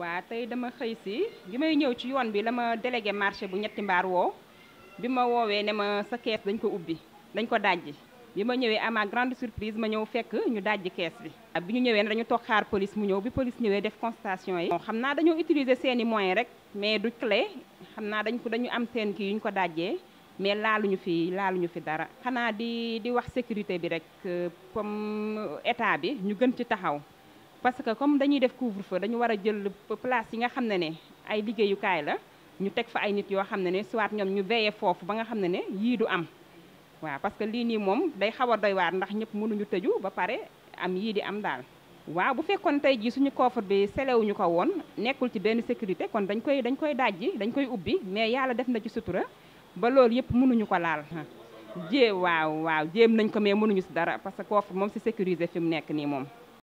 waa tey dama xëy si bi may ñëw ci yoon bi la ma délégé marché bu ñetti mbaar woo bi ma woowee ne ma sa kees dañ ko ubbi dañ ko dajji bi ma ñëwee am grande surprise ma ñëw fekk ñu dajji kees bi bu ñu ñëwee ne dañu toog xaar police mu ñëw bi police ñëwee def constation yi xam naa dañoo utiliser seeni i moyens rek mais du clé xam naa dañ ko dañu am seen kii yuñ ko dajjee mais laaluñu fi laaluñu fi dara xanaa di di wax sécurité bi rek euh, comme euh, état bi ñu gën ci taxaw parce que comme dañuy def couvre-feu dañu war a jël place yi nga xam ne ne ay liggéeyukaay la ñu teg fa ay nit yoo xam ne ne soit ñoom ñu veillé foofu ba nga xam ne ne yii du am waaw parce que lii nii moom day xaw a doy waar ndax ñëpp mënuñu tëju ba pare am yii di am daal waaw bu fekkoon tey jii suñu coffre bi selewuñu ko woon nekkul ci benn sécurité kon dañ koy dañ koy dajji dañ koy ubbi mais yàlla def na ci sutura ba lool yëpp mënuñu ko laal jée waaw waaw jéem nañ ko mais mënuñu si dara parce que coffre moom si sécurisé fi mu nekk nii moom